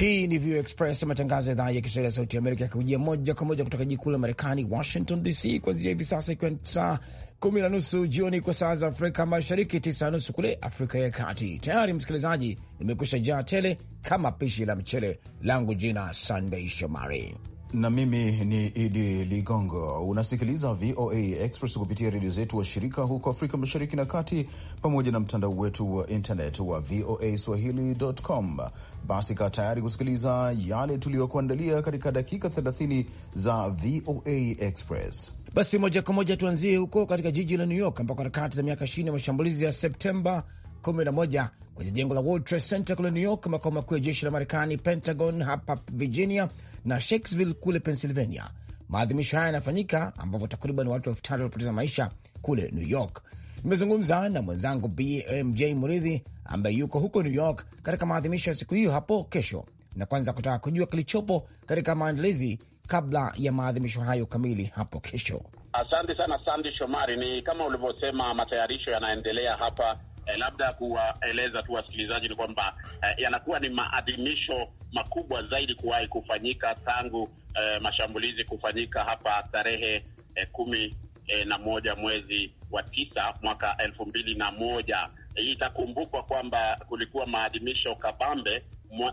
Hii ni VOA Express, matangazo ya idhaa ya Kiswahili ya Sauti ya Amerika yakikujia moja kwa moja kutoka jikuu la Marekani, Washington DC, kuanzia hivi sasa ikiwa saa kumi na nusu jioni kwa saa za Afrika Mashariki, tisa na nusu kule Afrika ya Kati. Tayari msikilizaji, nimekusha jaa tele kama pishi la mchele langu. Jina Sandei Shomari na mimi ni Idi Ligongo. Unasikiliza VOA Express kupitia redio zetu wa shirika huko Afrika Mashariki na Kati, pamoja na mtandao wetu wa internet wa VOA Swahili.com. Basi kaa tayari kusikiliza yale tuliyokuandalia katika dakika 30 za VOA Express. Basi moja kwa moja tuanzie huko katika jiji la New York ambako harakati za miaka ishirini ya mashambulizi ya Septemba 11 kwenye jengo la World Trade Center kule New York, makao makuu ya jeshi la Marekani, Pentagon hapa Virginia na Shakesville kule Pennsylvania. Maadhimisho haya yanafanyika ambapo takriban watu elfu tatu walipoteza maisha kule New York. Nimezungumza na mwenzangu BMJ Muridhi ambaye yuko huko New York katika maadhimisho ya siku hiyo hapo kesho, na kwanza kutaka kujua kilichopo katika maandalizi kabla ya maadhimisho hayo kamili hapo kesho. Asante sana Sandi Shomari. Ni kama ulivyosema, matayarisho yanaendelea hapa eh, labda kuwaeleza tu wasikilizaji ni kwamba eh, yanakuwa ni maadhimisho makubwa zaidi kuwahi kufanyika tangu eh, mashambulizi kufanyika hapa tarehe eh, kumi eh, na moja mwezi wa tisa mwaka elfu mbili na moja. Hii eh, itakumbukwa kwamba kulikuwa maadhimisho kabambe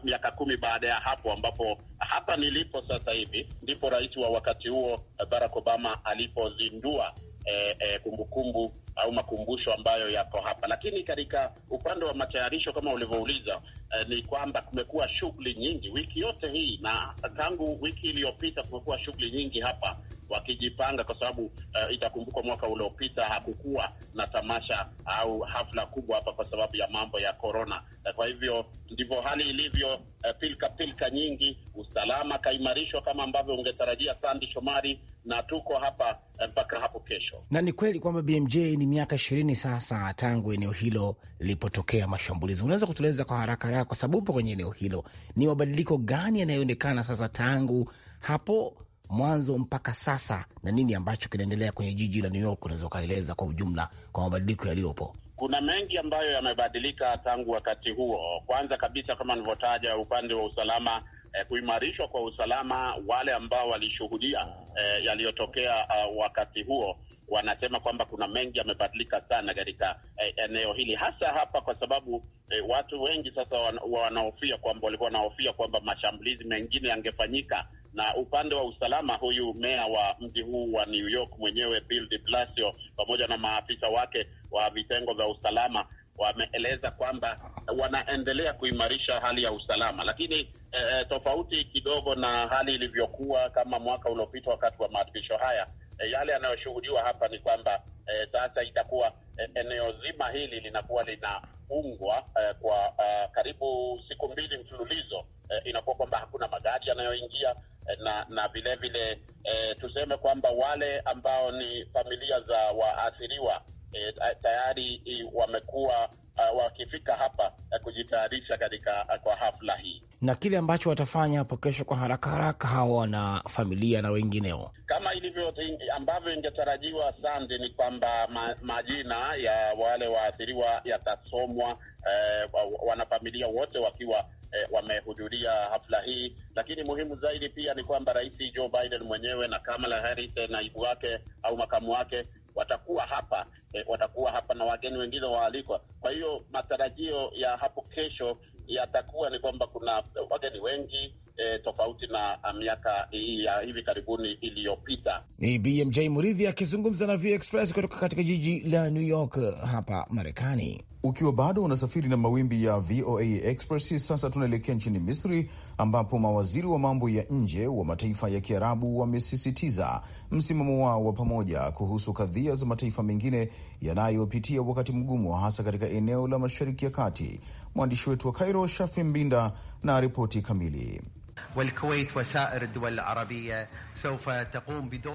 miaka kumi baada ya hapo, ambapo hapa nilipo sasa hivi ndipo rais wa wakati huo eh, Barack Obama alipozindua kumbukumbu eh, eh, kumbu au makumbusho ambayo yako hapa. Lakini katika upande wa matayarisho kama ulivyouliza, eh, ni kwamba kumekuwa shughuli nyingi wiki yote hii na tangu wiki iliyopita kumekuwa shughuli nyingi hapa wakijipanga, kwa sababu uh, itakumbukwa mwaka uliopita hakukuwa na tamasha au hafla kubwa hapa kwa sababu ya mambo ya korona. Eh, kwa hivyo ndivyo hali ilivyo, uh, pilka pilka nyingi, usalama kaimarishwa kama ambavyo ungetarajia, Sandi Shomari, na tuko hapa mpaka hapo kesho. Na ni kweli kwamba BMJ ni miaka ishirini sasa tangu eneo hilo lilipotokea mashambulizi. Unaweza kutueleza kwa haraka haraka, kwa sababu upo kwenye eneo hilo, ni mabadiliko gani yanayoonekana sasa tangu hapo mwanzo mpaka sasa na nini ambacho kinaendelea kwenye jiji la New York? Unaweza ukaeleza kwa ujumla kwa mabadiliko yaliyopo. Kuna mengi ambayo yamebadilika tangu wakati huo. Kwanza kabisa, kama nilivyotaja, upande wa usalama eh, kuimarishwa kwa usalama. Wale ambao walishuhudia eh, yaliyotokea uh, wakati huo wanasema kwamba kuna mengi yamebadilika sana katika eh, eneo hili hasa hapa, kwa sababu eh, watu wengi sasa wan, wanahofia kwamba walikuwa wanahofia kwamba mashambulizi mengine yangefanyika na upande wa usalama, huyu meya wa mji huu wa New York mwenyewe Bill de Blasio pamoja na maafisa wake wa vitengo vya usalama wameeleza kwamba wanaendelea kuimarisha hali ya usalama, lakini eh, eh, tofauti kidogo na hali ilivyokuwa kama mwaka uliopita wakati wa maadhimisho haya. Eh, yale yanayoshuhudiwa hapa ni kwamba eh, sasa itakuwa eh, eneo zima hili linakuwa linaungwa eh, kwa eh, karibu siku mbili mfululizo eh, inakuwa kwamba hakuna magari yanayoingia Eh, na na vilevile e, eh, tuseme kwamba wale ambao ni familia za waathiriwa e, tayari wamekuwa uh, wakifika hapa uh, kujitayarisha katika uh, kwa hafla hii na kile ambacho watafanya hapo kesho kwa haraka haraka, hawa wana familia na wengineo, kama ilivyo ambavyo ingetarajiwa sande, ni kwamba ma, majina ya wale waathiriwa yatasomwa eh, wanafamilia wote wakiwa eh, wamehudhuria hafla hii, lakini muhimu zaidi pia ni kwamba Rais Joe Biden mwenyewe na Kamala Harris eh, naibu wake au makamu wake watakuwa hapa eh, watakuwa hapa na wageni wengine waalikwa. Kwa hiyo matarajio ya hapo kesho yatakuwa ni kwamba kuna wageni wengi eh, tofauti na ah, miaka hii ya hivi karibuni iliyopita. Ni BMJ Muridhi akizungumza na VOA Express kutoka katika jiji la New York hapa Marekani. Ukiwa bado unasafiri na mawimbi ya VOA Express, sasa tunaelekea nchini Misri ambapo mawaziri wa mambo ya nje wa mataifa ya Kiarabu wamesisitiza msimamo wao wa pamoja kuhusu kadhia za mataifa mengine yanayopitia wakati mgumu, hasa katika eneo la Mashariki ya Kati. Mwandishi wetu wa Kairo, Shafi Mbinda, na ripoti kamili.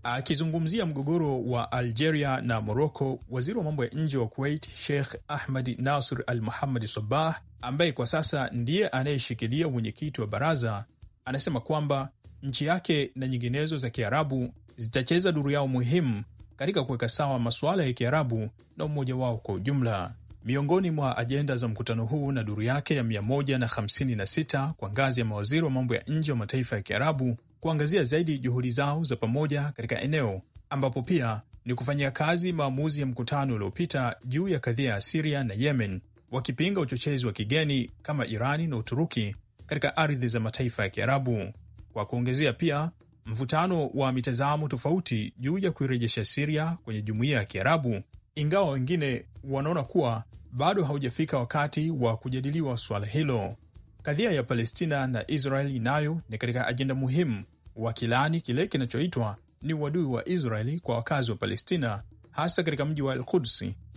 Akizungumzia mgogoro wa Algeria na Moroko, waziri wa mambo ya nje wa Kuwait Sheikh Ahmad Nasr Al Muhammad Sabah, ambaye kwa sasa ndiye anayeshikilia mwenyekiti wa baraza, anasema kwamba nchi yake na nyinginezo za Kiarabu zitacheza duru yao muhimu katika kuweka sawa masuala ya Kiarabu na umoja wao kwa ujumla. Miongoni mwa ajenda za mkutano huu na duru yake ya 156 kwa ngazi ya mawaziri wa mambo ya nje wa mataifa ya Kiarabu kuangazia zaidi juhudi zao za pamoja katika eneo ambapo pia ni kufanyia kazi maamuzi ya mkutano uliopita juu ya kadhia ya Siria na Yemen, wakipinga uchochezi wa kigeni kama Irani na Uturuki katika ardhi za mataifa ya Kiarabu, kwa kuongezea pia mvutano wa mitazamo tofauti juu ya kuirejesha Siria kwenye jumuiya ya Kiarabu, ingawa wengine wanaona kuwa bado haujafika wakati wa kujadiliwa suala hilo. Kadhia ya Palestina na Israeli nayo ni katika ajenda muhimu, wakilaani kile kinachoitwa ni uadui wa Israeli kwa wakazi wa Palestina, hasa katika mji wa al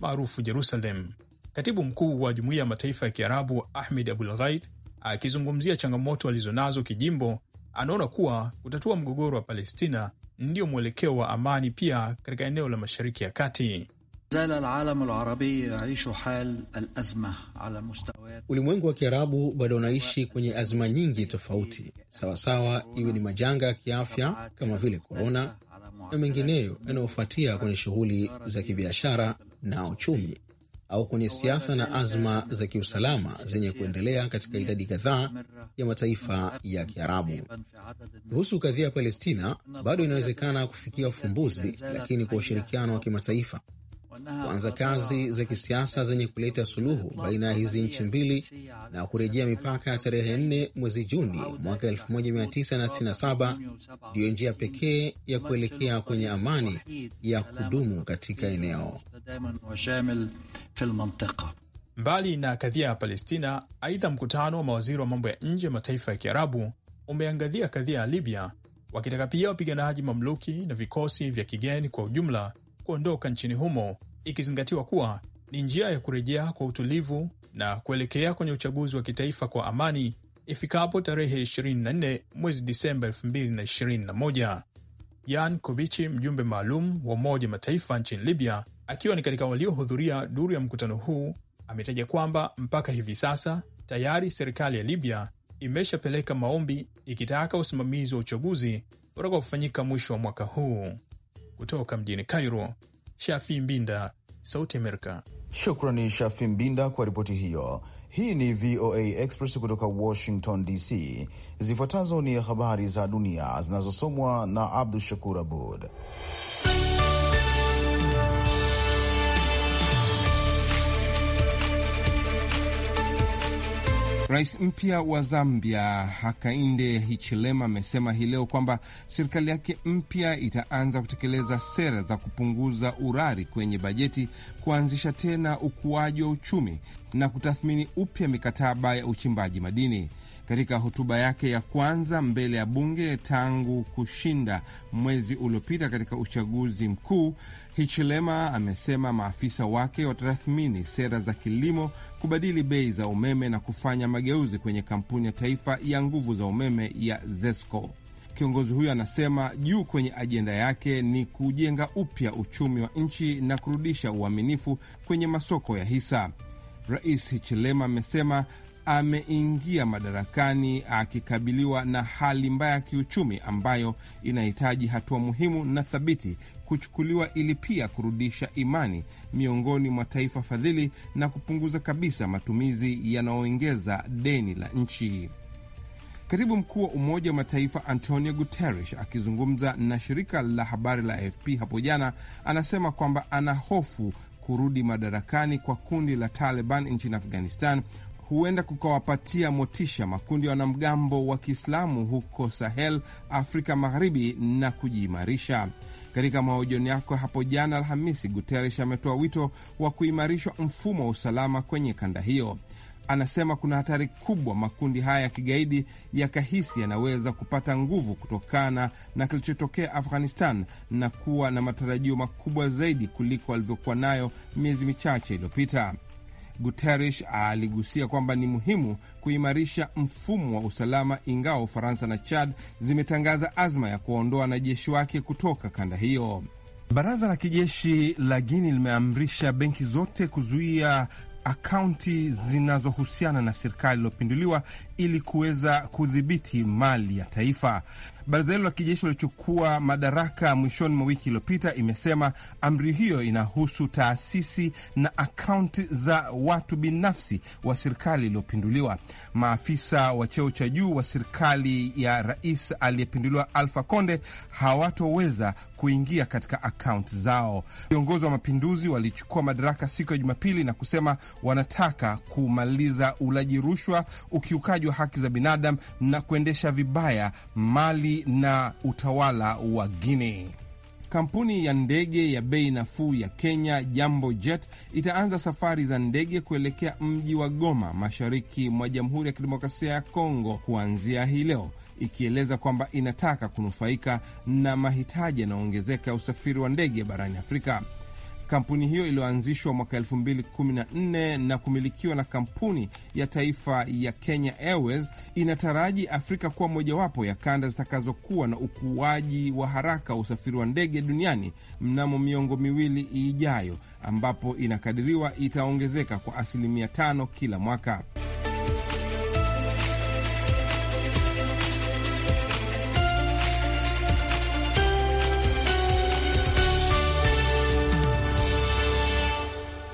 maarufu Jerusalem. Katibu mkuu wa Jumuiya ya Mataifa ya Kiarabu Ahmed Abul Gheit akizungumzia changamoto alizonazo kijimbo, anaona kuwa kutatua mgogoro wa Palestina ndiyo mwelekeo wa amani pia katika eneo la Mashariki ya Kati. Ulimwengu wa Kiarabu bado unaishi kwenye azma nyingi tofauti sawasawa, iwe ni majanga ya kiafya kama vile korona na mengineyo yanayofuatia kwenye shughuli za kibiashara na uchumi au kwenye siasa na azma za kiusalama zenye kuendelea katika idadi kadhaa ya mataifa ya Kiarabu. Kuhusu kadhia ya Palestina, bado inawezekana kufikia ufumbuzi, lakini kwa ushirikiano wa kimataifa kuanza kazi za kisiasa zenye kuleta suluhu baina ya hizi nchi mbili na kurejea mipaka ya tarehe 4 mwezi Juni mwaka 1967 ndiyo njia pekee ya kuelekea kwenye amani ya kudumu katika eneo. Mbali na kadhia ya Palestina, aidha, mkutano wa mawaziri wa mambo ya nje ya mataifa ya Kiarabu umeangazia kadhia ya Libya, wakitaka pia wapiganaji mamluki na vikosi vya kigeni kwa ujumla kuondoka nchini humo, ikizingatiwa kuwa ni njia ya kurejea kwa utulivu na kuelekea kwenye uchaguzi wa kitaifa kwa amani ifikapo tarehe 24 mwezi Disemba 2021. yan Kobichi, mjumbe maalum wa Umoja Mataifa nchini Libya, akiwa ni katika waliohudhuria duru ya mkutano huu, ametaja kwamba mpaka hivi sasa tayari serikali ya Libya imeshapeleka maombi ikitaka usimamizi wa uchaguzi utakaofanyika mwisho wa mwaka huu. Kutoka mjini Cairo, Shafi Mbinda, Sauti Amerika. Shukrani Shafi Mbinda kwa ripoti hiyo. Hii ni VOA Express kutoka Washington DC. Zifuatazo ni habari za dunia zinazosomwa na Abdu Shakur Abud. Rais mpya wa Zambia Hakainde Hichilema amesema hii leo kwamba serikali yake mpya itaanza kutekeleza sera za kupunguza urari kwenye bajeti, kuanzisha tena ukuaji wa uchumi na kutathmini upya mikataba ya uchimbaji madini katika hotuba yake ya kwanza mbele ya bunge tangu kushinda mwezi uliopita katika uchaguzi mkuu, Hichilema amesema maafisa wake watatathmini sera za kilimo, kubadili bei za umeme na kufanya mageuzi kwenye kampuni ya taifa ya nguvu za umeme ya ZESCO. Kiongozi huyo anasema juu kwenye ajenda yake ni kujenga upya uchumi wa nchi na kurudisha uaminifu kwenye masoko ya hisa. Rais Hichilema amesema ameingia madarakani akikabiliwa na hali mbaya ya kiuchumi ambayo inahitaji hatua muhimu na thabiti kuchukuliwa ili pia kurudisha imani miongoni mwa taifa fadhili na kupunguza kabisa matumizi yanayoongeza deni la nchi. Katibu mkuu wa Umoja wa Mataifa Antonio Guterres akizungumza na shirika la habari la AFP hapo jana anasema kwamba ana hofu kurudi madarakani kwa kundi la Taliban nchini Afghanistan huenda kukawapatia motisha makundi ya wanamgambo wa Kiislamu huko Sahel, Afrika Magharibi na kujiimarisha. Katika mahojiano yako hapo jana Alhamisi, Guterres ametoa wito wa kuimarishwa mfumo wa usalama kwenye kanda hiyo. Anasema kuna hatari kubwa makundi haya ya kigaidi yakahisi yanaweza kupata nguvu kutokana na kilichotokea Afghanistan na kuwa na matarajio makubwa zaidi kuliko alivyokuwa nayo miezi michache iliyopita. Guterres aligusia kwamba ni muhimu kuimarisha mfumo wa usalama, ingawa Ufaransa na Chad zimetangaza azma ya kuwaondoa wanajeshi wake kutoka kanda hiyo. Baraza la kijeshi la Guini limeamrisha benki zote kuzuia akaunti zinazohusiana na serikali iliyopinduliwa ili kuweza kudhibiti mali ya taifa. Baraza hilo la kijeshi lilochukua madaraka mwishoni mwa wiki iliyopita imesema amri hiyo inahusu taasisi na akaunti za watu binafsi wa serikali iliyopinduliwa. Maafisa wa cheo cha juu wa serikali ya rais aliyepinduliwa Alfa conde hawatoweza kuingia katika akaunti zao. Viongozi wa mapinduzi walichukua madaraka siku ya Jumapili na kusema wanataka kumaliza ulaji rushwa, ukiukaji wa haki za binadamu na kuendesha vibaya mali na utawala wa Guinea. Kampuni ya ndege ya bei nafuu ya Kenya Jambo Jet itaanza safari za ndege kuelekea mji wa Goma mashariki mwa Jamhuri ya Kidemokrasia ya Kongo kuanzia hii leo, ikieleza kwamba inataka kunufaika na mahitaji yanayoongezeka ya usafiri wa ndege barani Afrika. Kampuni hiyo iliyoanzishwa mwaka 2014 na kumilikiwa na kampuni ya taifa ya Kenya Airways inataraji Afrika kuwa mojawapo ya kanda zitakazokuwa na ukuaji wa haraka wa usafiri wa ndege duniani mnamo miongo miwili ijayo, ambapo inakadiriwa itaongezeka kwa asilimia tano kila mwaka.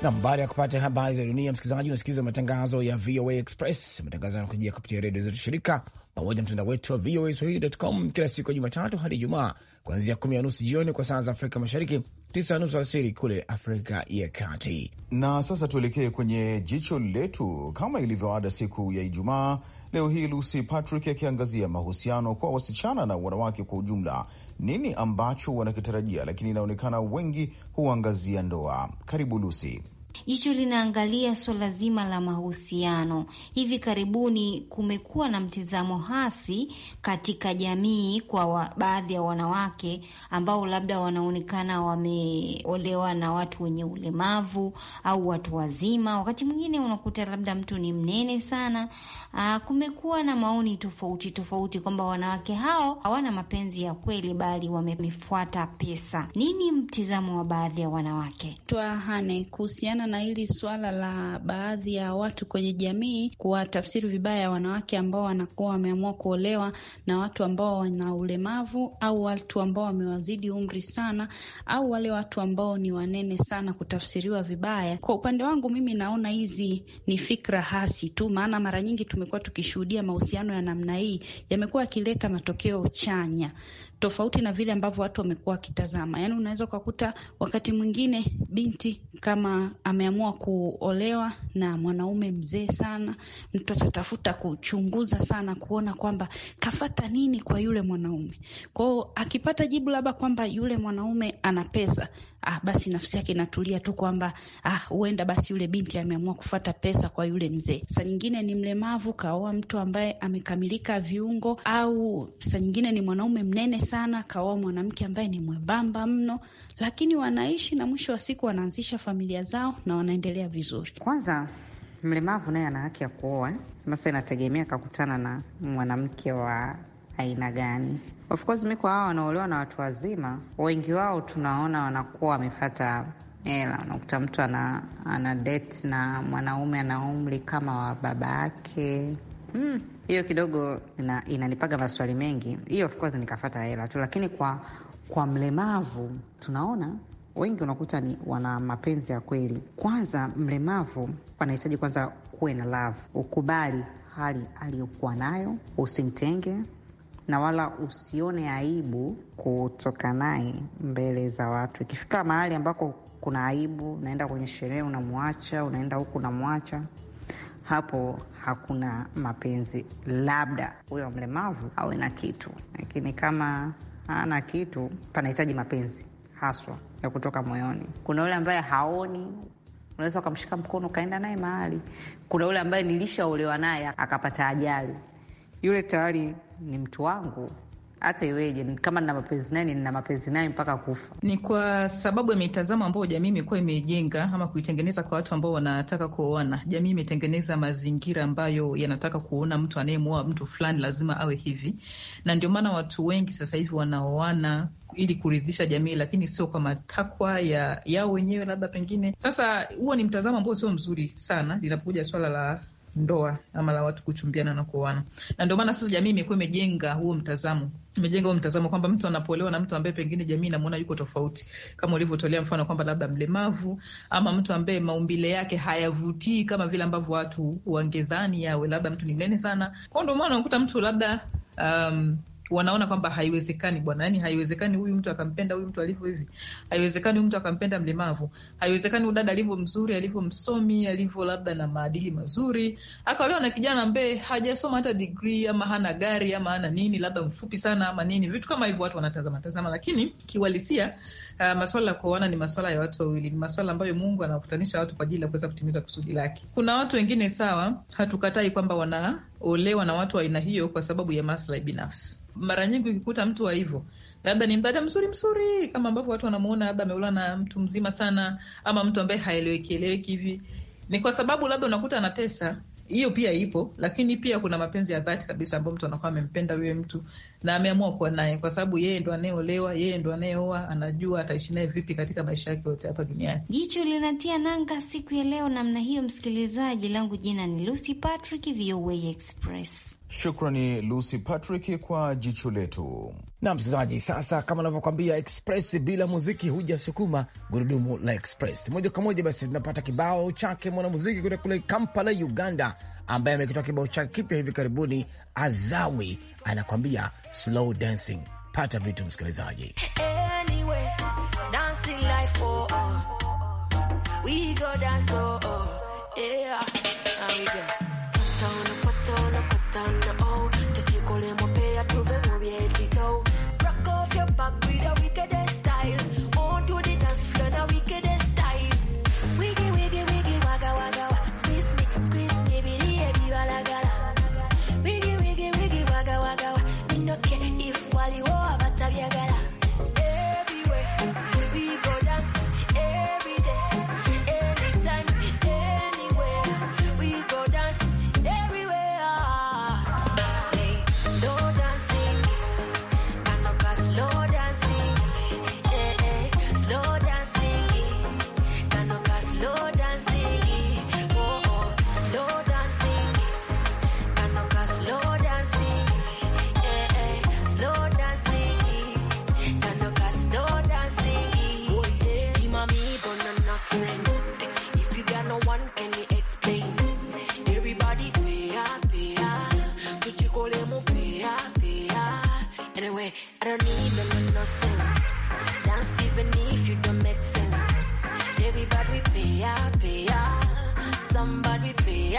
Nam, baada ya kupata habari za dunia, msikilizaji, unasikiliza matangazo ya VOA Express. Matangazo yanakujia kupitia redio zetu shirika pamoja mtandao wetu wa VOA Swahili.com kila siku ya Jumatatu hadi Ijumaa, kuanzia kumi na nusu jioni kwa saa za Afrika Mashariki, tisa na nusu alasiri kule Afrika ya Kati. Na sasa tuelekee kwenye jicho letu. Kama ilivyoada siku ya Ijumaa, leo hii Lucy Patrick akiangazia mahusiano kwa wasichana na wanawake kwa ujumla nini ambacho wanakitarajia, lakini inaonekana wengi huangazia ndoa. Karibu Lusi. Jicho linaangalia suala zima la mahusiano. Hivi karibuni kumekuwa na mtizamo hasi katika jamii kwa baadhi ya wanawake ambao labda wanaonekana wameolewa na watu wenye ulemavu au watu wazima. Wakati mwingine unakuta labda mtu ni mnene sana. Aa, ah, kumekuwa na maoni tofauti tofauti kwamba wanawake hao hawana mapenzi ya kweli, bali wamefuata pesa. Nini mtizamo wa baadhi ya wanawake? Twahane kuhusiana kuhusiana na hili swala la baadhi ya watu kwenye jamii kuwatafsiri vibaya wanawake ambao wanakuwa wameamua kuolewa na watu ambao wana ulemavu au watu ambao wamewazidi umri sana au wale watu ambao ni wanene sana kutafsiriwa vibaya. Kwa upande wangu mimi naona hizi ni fikra hasi tu, maana mara nyingi tumekuwa tukishuhudia mahusiano ya namna hii yamekuwa yakileta matokeo chanya tofauti na vile ambavyo watu wamekuwa wakitazama. Yaani unaweza ukakuta wakati mwingine binti kama ameamua kuolewa na mwanaume mzee sana, mtu atatafuta kuchunguza sana kuona kwamba kafata nini kwa yule mwanaume. Kwa akipata jibu labda kwamba yule mwanaume ana pesa, ah, basi nafsi yake inatulia tu kwamba ah, huenda basi yule binti ameamua kufata pesa kwa yule mzee. sa nyingine ni mlemavu kaoa mtu ambaye amekamilika viungo, au sa nyingine ni mwanaume mnene sana kaoa mwanamke ambaye ni mwembamba mno, lakini wanaishi na mwisho wa siku wanaanzisha familia zao na wanaendelea vizuri. Kwanza mlemavu naye ana haki ya kuoa. Sasa inategemea kakutana na mwanamke wa aina gani. Of course mi kwa hawa wanaolewa na watu wazima, wengi wao tunaona wanakuwa wamefata hela. Unakuta mtu ana, ana date na mwanaume ana umri kama wa baba yake hmm. Hiyo kidogo inanipaga ina maswali mengi. Hiyo of course nikafata hela tu, lakini kwa kwa mlemavu tunaona wengi unakuta ni wana mapenzi ya kweli. Kwanza mlemavu anahitaji kwanza kuwe na love, ukubali hali aliyokuwa nayo, usimtenge, na wala usione aibu kutoka naye mbele za watu. Ikifika mahali ambako kuna aibu, unaenda kwenye sherehe unamwacha, unaenda huku unamwacha hapo hakuna mapenzi. Labda huyo mlemavu awe na kitu, lakini kama hana kitu, panahitaji mapenzi haswa ya kutoka moyoni. Kuna yule ambaye haoni, unaweza ukamshika mkono ukaenda naye mahali. Kuna yule ambaye nilishaolewa naye akapata ajali, yule tayari ni mtu wangu hata iweje, kama nina mapenzi naye nina mapenzi naye mpaka kufa. Ni kwa sababu ya mitazamo ambayo jamii imekuwa imejenga ama kuitengeneza kwa watu ambao wanataka kuoana. Jamii imetengeneza mazingira ambayo yanataka kuona mtu anayemwoa mtu fulani lazima awe hivi, na ndio maana watu wengi sasa hivi wanaoana ili kuridhisha jamii, lakini sio kwa matakwa ya yao wenyewe. Labda pengine sasa, huo ni mtazamo ambao sio mzuri sana linapokuja swala la ndoa ama la watu kuchumbiana na kuoana, na ndio maana sasa jamii imekuwa imejenga huo mtazamo, imejenga huo mtazamo kwamba mtu anapolewa na mtu ambaye pengine jamii inamwona yuko tofauti, kama ulivyotolea mfano kwamba labda mlemavu ama mtu ambaye maumbile yake hayavutii kama vile ambavyo watu wangedhani yawe, labda mtu ni mnene sana kwao, ndio maana unakuta mtu labda um, wanaona kwamba haiwezekani bwana, yani haiwezekani huyu mtu akampenda huyu mtu alivyo hivi, haiwezekani huyu mtu akampenda mlemavu, haiwezekani huyu dada alivyo mzuri, alivyo msomi, alivyo labda na maadili mazuri, akaolewa na kijana ambaye hajasoma hata degree ama hana gari ama hana nini, labda mfupi sana ama nini, vitu kama hivyo watu wanatazama tazama, lakini kiuhalisia, uh, maswala ya kuoana ni maswala ya watu wawili, ni maswala ambayo Mungu anawakutanisha watu kwa ajili ya kuweza kutimiza kusudi lake. Kuna watu wengine sawa, hatukatai kwamba wana olewa na watu wa aina hiyo kwa sababu ya maslahi binafsi. Mara nyingi ukikuta mtu wa hivyo, labda ni mdada mzuri mzuri, kama ambavyo watu wanamuona, labda ameolewa na mtu mzima sana, ama mtu ambaye haeleweki eleweki hivi, ni kwa sababu labda unakuta ana pesa hiyo pia ipo, lakini pia kuna mapenzi ya dhati kabisa ambayo mtu anakuwa amempenda huyo mtu na ameamua kuwa naye, kwa sababu yeye ndo anayeolewa, yeye ndo anayeoa, anajua ataishi naye vipi katika maisha yake yote hapa duniani. Jicho linatia nanga siku ya leo namna hiyo, msikilizaji langu, jina ni Lucy Patrick, VOA Express. Shukrani Lucy Patrick kwa jicho letu na msikilizaji, sasa kama anavyokwambia Express, bila muziki hujasukuma gurudumu la Express moja kwa moja. Basi tunapata kibao chake mwanamuziki kutoka kule Kampala, Uganda, ambaye amekitoa kibao chake kipya hivi karibuni. Azawi anakwambia slow dancing. Pata vitu msikilizaji, anyway,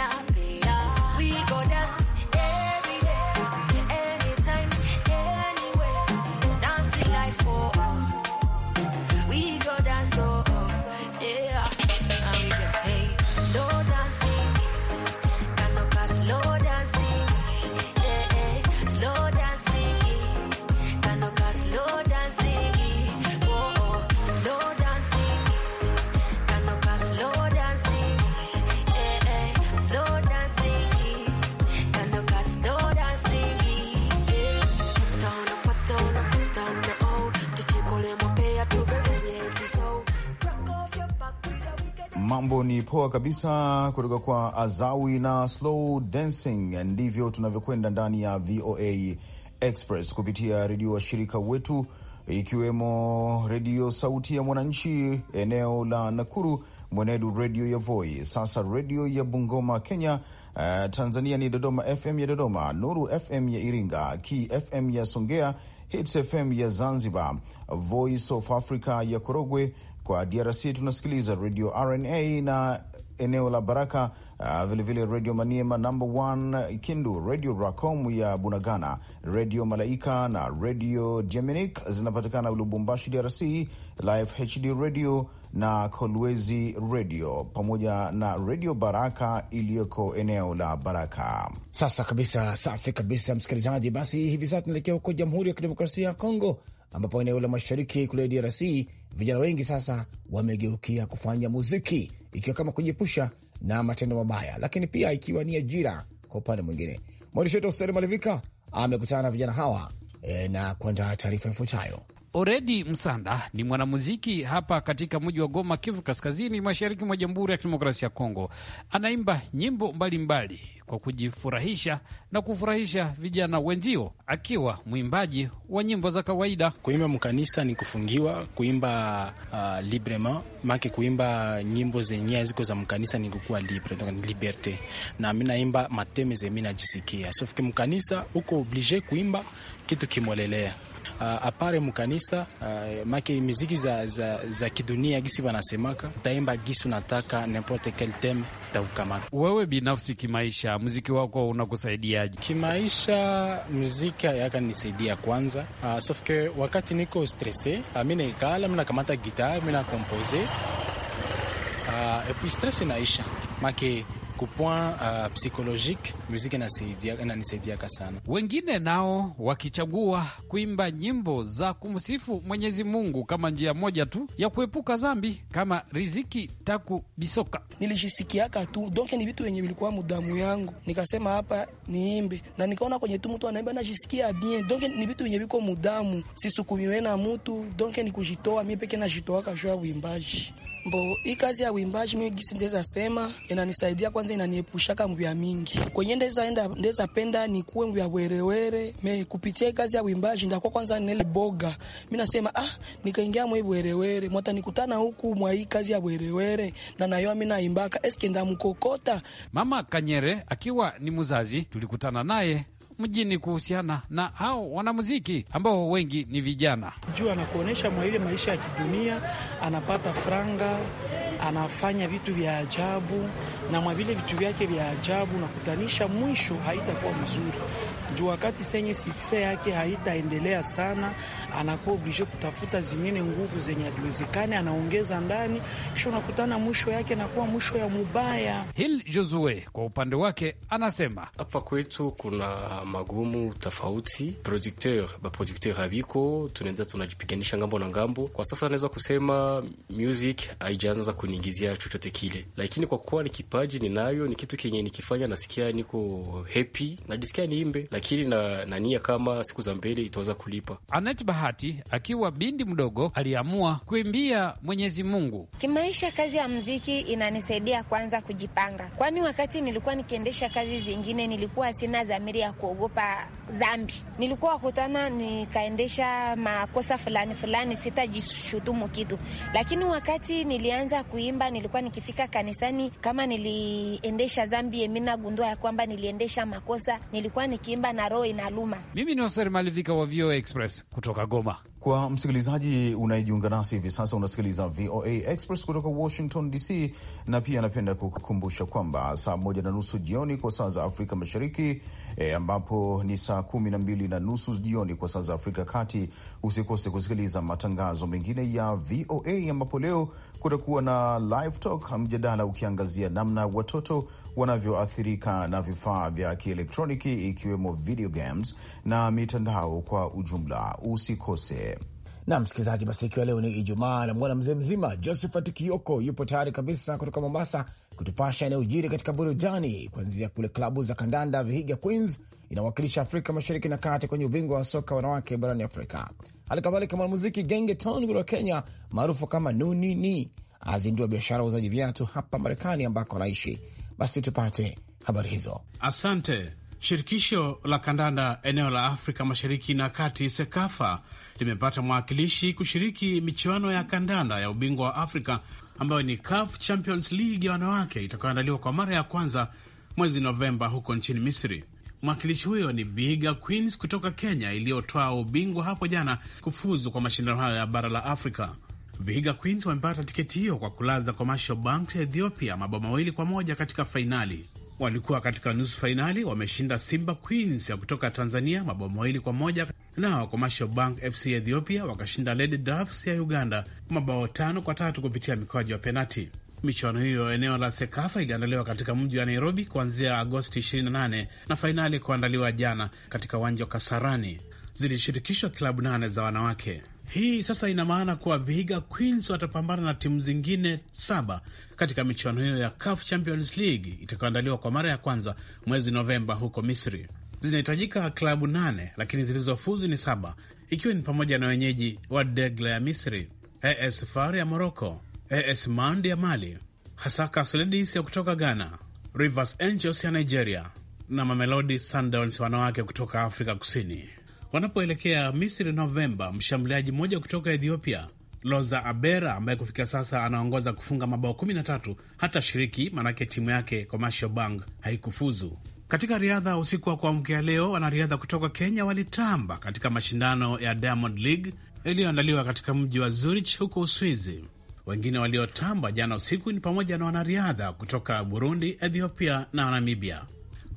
yeah. ni poa kabisa kutoka kwa Azawi na slow dancing. Ndivyo tunavyokwenda ndani ya VOA Express kupitia redio washirika wetu ikiwemo Redio Sauti ya Mwananchi eneo la Nakuru, Mwenedu Redio ya Voi, Sasa Redio ya Bungoma Kenya. Uh, Tanzania ni Dodoma FM ya Dodoma, Nuru FM ya Iringa, Ki FM ya Songea, Hits FM ya Zanzibar, Voice of Africa ya Korogwe, kwa DRC tunasikiliza radio RNA na eneo la Baraka, vilevile uh, Radio Maniema namba 1 Kindu, redio Racom ya Bunagana, redio Malaika na radio Geminic zinapatikana Lubumbashi DRC, Life HD radio na Kolwezi redio pamoja na redio Baraka iliyoko eneo la Baraka. Sasa kabisa, safi kabisa msikilizaji. Basi hivi sasa tunaelekea huko Jamhuri ya Kidemokrasia ya Kongo ambapo eneo la mashariki kule DRC vijana wengi sasa wamegeukia kufanya muziki, ikiwa kama kujiepusha na matendo mabaya, lakini pia ikiwa ni ajira kwa upande mwingine. Mwandishi wetu Hosteri Malivika amekutana na vijana hawa e, na kuandaa taarifa ifuatayo. Oredi Msanda ni mwanamuziki hapa katika mji wa Goma, Kivu Kaskazini, mashariki mwa Jamhuri ya Kidemokrasia ya Kongo. Anaimba nyimbo mbalimbali mbali kwa kujifurahisha na kufurahisha vijana wenzio, akiwa mwimbaji wa nyimbo za kawaida. Kuimba mkanisa ni kufungiwa, kuimba uh, librement make, kuimba nyimbo zenyea ziko za mkanisa ni kukuwa libre, liberte. Na mi naimba mateme zemi najisikia, sofike mkanisa uko oblige kuimba kitu kimolelea uh, apare mukanisa uh, make miziki za, za, za kidunia gisi wanasemaka utaimba gisi unataka nimpote kel taukamata. Wewe binafsi kimaisha, muziki wako unakusaidiaje kimaisha? Muziki nisaidia kwanza, uh, ah, sofke wakati niko stresse uh, ah, mi ikala mina kamata gitar mina kompoze uh, ah, epi stress inaisha make kupoint uh, psikolojik muziki inanisaidiaka sana. Wengine nao wakichagua kuimba nyimbo za kumsifu Mwenyezi Mungu kama njia moja tu ya kuepuka zambi, kama Riziki Taku Bisoka. Nilishisikiaka tu donke, ni vitu venye vilikuwa mudamu yangu, nikasema hapa niimbe, na nikaona kwenye tu mtu anaimba najisikia bien, donke ni vitu venye viko mudamu, sisukumiwe na mutu, donke ni kujitoa mi peke najitoaka juu ya uimbaji bo hii kazi ya uimbaji mimi gisi ndeza sema inanisaidia kwanza, inaniepushaka mbia mingi kwenye ndeza enda ndeza penda ni kuwe mbia werewere. Me kupitia kazi ya uimbaji ndakuwa kwanza nele boga, mimi nasema ah, nikaingia mwe werewere mwata nikutana huku mwa hii kazi ya werewere na nayo mimi naimbaka eske ndamkokota. Mama Kanyere akiwa ni mzazi tulikutana naye mjini kuhusiana na hao wanamuziki ambao wengi ni vijana, juu anakuonyesha mwa ile maisha ya kidunia, anapata franga, anafanya vitu vya ajabu, na mwa vile vitu vyake vya ajabu nakutanisha, mwisho haitakuwa mzuri juu wakati senye sikse yake haitaendelea sana, anakuwa oblige kutafuta zingine nguvu zenye hatuwezekani, anaongeza ndani, kisha unakutana mwisho yake nakuwa mwisho ya mubaya. Hil Josue kwa upande wake anasema hapa kwetu kuna magumu tofauti, producteur baproducteur haviko, tunaenda tunajipiganisha ngambo na ngambo. Kwa sasa naweza kusema music haijaanza kuniingizia chochote kile, lakini kwa kuwa ni kipaji ninayo, ni kitu kenye nikifanya nasikia niko happy, najisikia niimbe akili na, na nia kama siku za mbele itaweza kulipa. Anet Bahati akiwa bindi mdogo aliamua kuimbia Mwenyezi Mungu. Kimaisha, kazi ya mziki inanisaidia kwanza kujipanga, kwani wakati nilikuwa nikiendesha kazi zingine nilikuwa sina dhamiri ya kuogopa zambi. Nilikuwa wakutana nikaendesha makosa fulani fulani, sitajishutumu kitu, lakini wakati nilianza kuimba nilikuwa nikifika kanisani, kama niliendesha zambi, mina gundua ya kwamba niliendesha makosa, nilikuwa nikiimba na roho inaluma. Mimi ni Hoser Malivika wa VOA Express kutoka Goma. Kwa msikilizaji unayejiunga nasi hivi sasa, unasikiliza VOA Express kutoka Washington DC, na pia anapenda kukukumbusha kwamba saa moja na nusu jioni kwa saa za Afrika Mashariki e, ambapo ni saa kumi na mbili na nusu jioni kwa saa za Afrika Kati. Usikose kusikiliza matangazo mengine ya VOA ambapo leo kutakuwa na live talk, mjadala ukiangazia namna watoto wanavyoathirika na vifaa vya kielektroniki ikiwemo video games na mitandao kwa ujumla. Usikose na msikilizaji, basi ikiwa leo ni Ijumaa na mwana mzee mzima Josephat Kioko yupo tayari kabisa kutoka Mombasa kutupasha yanayojiri katika burudani, kuanzia kule klabu za kandanda. Vihiga Queens inawakilisha Afrika Mashariki na Kati kwenye ubingwa wa soka wanawake barani Afrika. Hali kadhalika mwanamuziki Genge Town kutoka Kenya maarufu kama Nunini azindua biashara ya viatu hapa Marekani ambako anaishi. Basi tupate habari hizo, asante. Shirikisho la kandanda eneo la Afrika Mashariki na Kati, SEKAFA, limepata mwakilishi kushiriki michuano ya kandanda ya ubingwa wa Afrika ambayo ni CAF Champions League ya wanawake itakayoandaliwa kwa mara ya kwanza mwezi Novemba huko nchini Misri. Mwakilishi huyo ni Biga Queens kutoka Kenya, iliyotoa ubingwa hapo jana kufuzu kwa mashindano hayo ya bara la Afrika. Vihiga Queens wamepata tiketi hiyo kwa kulaza Commercial Bank ya Ethiopia mabao mawili kwa moja katika fainali. Walikuwa katika nusu fainali, wameshinda Simba Queens ya kutoka Tanzania mabao mawili kwa moja nao Commercial Bank FC Ethiopia wakashinda Lady Doves ya Uganda mabao tano kwa tatu kupitia mikwaju ya penati. Michuano hiyo eneo la SEKAFA iliandaliwa katika mji wa Nairobi kuanzia Agosti 28 na fainali kuandaliwa jana katika uwanja wa Kasarani. Zilishirikishwa klabu nane za wanawake. Hii sasa ina maana kuwa Vihiga Queens watapambana na timu zingine saba katika michuano hiyo ya CAF Champions League itakayoandaliwa kwa mara ya kwanza mwezi Novemba huko Misri. Zinahitajika klabu nane, lakini zilizofuzu ni saba, ikiwa ni pamoja na wenyeji wa Degla ya Misri, AS Far ya Morocco, AS Mand ya Mali, Hasaka Sledis ya kutoka Ghana, Rivers Angels ya Nigeria na Mamelodi Sundowns wanawake kutoka Afrika Kusini wanapoelekea Misri Novemba. Mshambuliaji mmoja kutoka Ethiopia Loza Abera ambaye kufikia sasa anaongoza kufunga mabao 13 hata shiriki, maanake timu yake Commercial Bank haikufuzu. Katika riadha usiku wa kuamkia leo, wanariadha kutoka Kenya walitamba katika mashindano ya Diamond League iliyoandaliwa katika mji wa Zurich huko Uswizi. Wengine waliotamba jana usiku ni pamoja na wanariadha kutoka Burundi, Ethiopia na Namibia.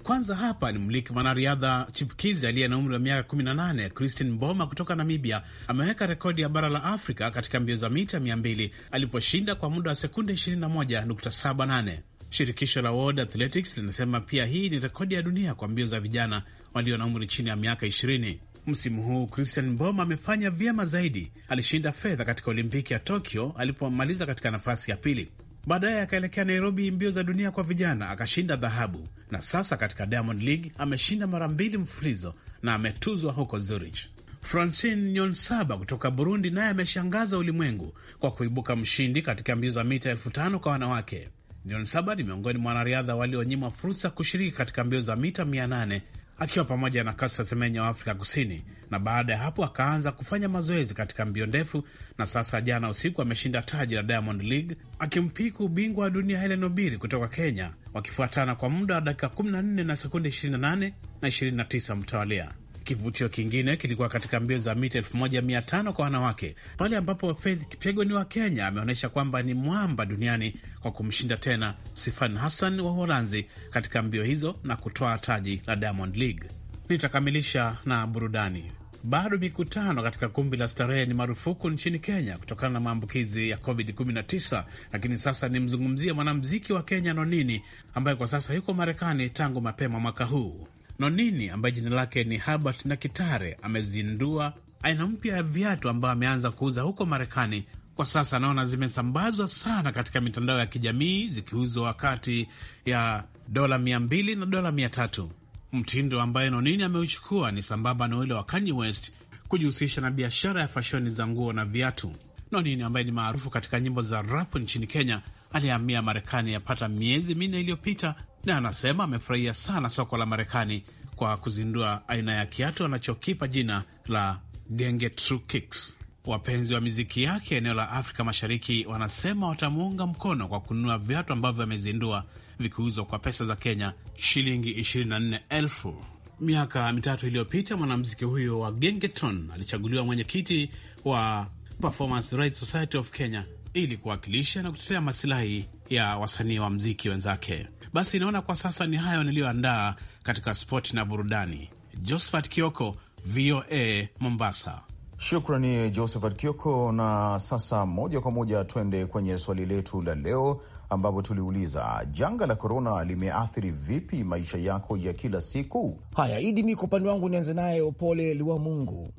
Kwanza hapa ni mliki mwanariadha chipukizi aliye na umri wa miaka 18 Christine Mboma kutoka Namibia ameweka rekodi ya bara la Afrika katika mbio za mita 200 aliposhinda kwa muda wa sekunde 21.78. Shirikisho la World Athletics linasema pia hii ni rekodi ya dunia kwa mbio za vijana walio na umri chini ya miaka 20. Msimu huu Christian Mboma amefanya vyema zaidi. Alishinda fedha katika Olimpiki ya Tokyo alipomaliza katika nafasi ya pili. Baadaye akaelekea Nairobi mbio za dunia kwa vijana akashinda dhahabu, na sasa katika Diamond League ameshinda mara mbili mfulizo na ametuzwa huko Zurich. Francine Nyonsaba kutoka Burundi naye ameshangaza ulimwengu kwa kuibuka mshindi katika mbio za mita elfu tano kwa wanawake. Nyonsaba ni miongoni mwa wanariadha walionyimwa fursa kushiriki katika mbio za mita mia nane akiwa pamoja na kasa Semenya wa Afrika Kusini, na baada ya hapo akaanza kufanya mazoezi katika mbio ndefu, na sasa jana usiku ameshinda taji la Diamond League akimpiku ubingwa wa dunia Helen Obiri kutoka Kenya, wakifuatana kwa muda wa dakika 14 na sekunde 28 na 29 mtawalia. Kivutio kingine kilikuwa katika mbio za mita 15 kwa wanawake, pale ambapo Faith Kipyegon wa Kenya ameonyesha kwamba ni mwamba duniani kwa kumshinda tena Sifan Hassan wa Uholanzi katika mbio hizo na kutoa taji la Diamond League. Nitakamilisha na burudani. Bado mikutano katika kumbi la starehe ni marufuku nchini Kenya kutokana na maambukizi ya COVID-19, lakini sasa nimzungumzie mwanamziki wa Kenya Nonini ambaye kwa sasa yuko Marekani tangu mapema mwaka huu. Nonini ambaye jina lake ni Herbert na Kitare amezindua aina mpya ya viatu ambayo ameanza kuuza huko Marekani. Kwa sasa naona zimesambazwa sana katika mitandao ya kijamii zikiuzwa wakati ya dola mia mbili na dola mia tatu. Mtindo ambaye Nonini ameuchukua ni sambamba na ule wa Kanye West kujihusisha na biashara ya fashoni za nguo na viatu. Nonini ambaye ni maarufu katika nyimbo za rap nchini Kenya alihamia Marekani yapata miezi minne iliyopita na anasema amefurahia sana soko la Marekani kwa kuzindua aina ya kiatu anachokipa jina la Genge True Kicks. Wapenzi wa miziki yake eneo la Afrika Mashariki wanasema watamuunga mkono kwa kununua viatu ambavyo amezindua vikiuzwa kwa pesa za Kenya shilingi 24,000. Miaka mitatu iliyopita mwanamziki huyo wa Gengeton alichaguliwa mwenyekiti wa Performance Rights Society of Kenya ili kuwakilisha na kutetea masilahi ya wasanii wa mziki wenzake. Basi naona kwa sasa ni hayo niliyoandaa katika spoti na burudani. Josephat Kioko, VOA Mombasa. Shukrani Josephat Kioko. Na sasa moja kwa moja twende kwenye swali letu la leo, ambapo tuliuliza janga la korona limeathiri vipi maisha yako ya kila siku. Haya, Idi, mi kwa upande wangu nianze naye Opole Liwa Mungu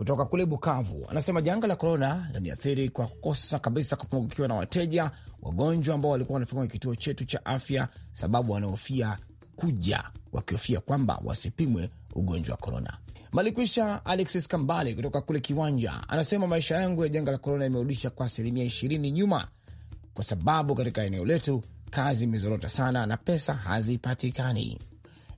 kutoka kule Bukavu anasema janga la korona laniathiri kwa kukosa kabisa kupungukiwa na wateja wagonjwa ambao walikuwa wanafika kwenye kituo chetu cha afya, sababu wanahofia kuja, wakihofia kwamba wasipimwe ugonjwa wa korona. Malikwisha Alexis Kambale kutoka kule Kiwanja anasema maisha yangu ya janga la korona imerudisha kwa asilimia ishirini nyuma, kwa sababu katika eneo letu kazi imezorota sana na pesa hazipatikani.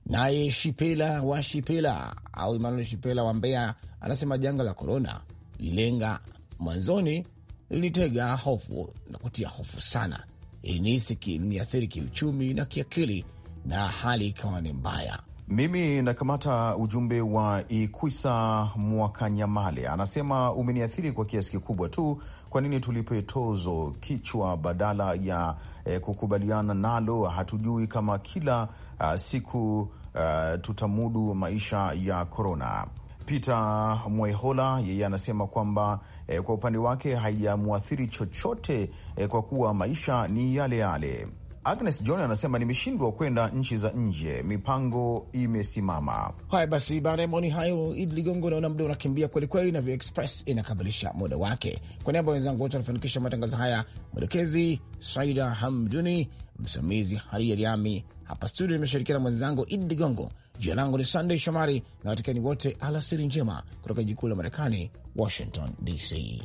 Naye Shipela wa Shipela au Emanuel Shipela wa Mbeya anasema janga la korona lilenga mwanzoni, lilitega hofu na kutia hofu sana, iliniathiri kiuchumi na kiakili, na hali ikawa ni mbaya. Mimi nakamata ujumbe wa Ikwisa Mwakanyamale, anasema umeniathiri kwa kiasi kikubwa tu kwa nini tulipe tozo kichwa badala ya eh, kukubaliana nalo? Hatujui kama kila uh, siku uh, tutamudu maisha ya korona. Peter Mwehola yeye anasema kwamba eh, kwa upande wake haijamwathiri chochote eh, kwa kuwa maisha ni yale yale. Agnes John anasema nimeshindwa kwenda nchi za nje, mipango imesimama. Haya basi, baada ya maoni hayo, Idi Ligongo, naona muda unakimbia kwelikweli, na Vio Express inakamilisha muda wake. Kwa niaba ya wenzangu wote wanafanikisha matangazo haya, mwelekezi Saida Hamduni, msimamizi Haria Riami, hapa studio nimeshirikiana mwenzangu Idi Ligongo. Jina langu ni Sandey Shomari na watakieni wote alasiri njema kutoka jikuu la Marekani, Washington DC.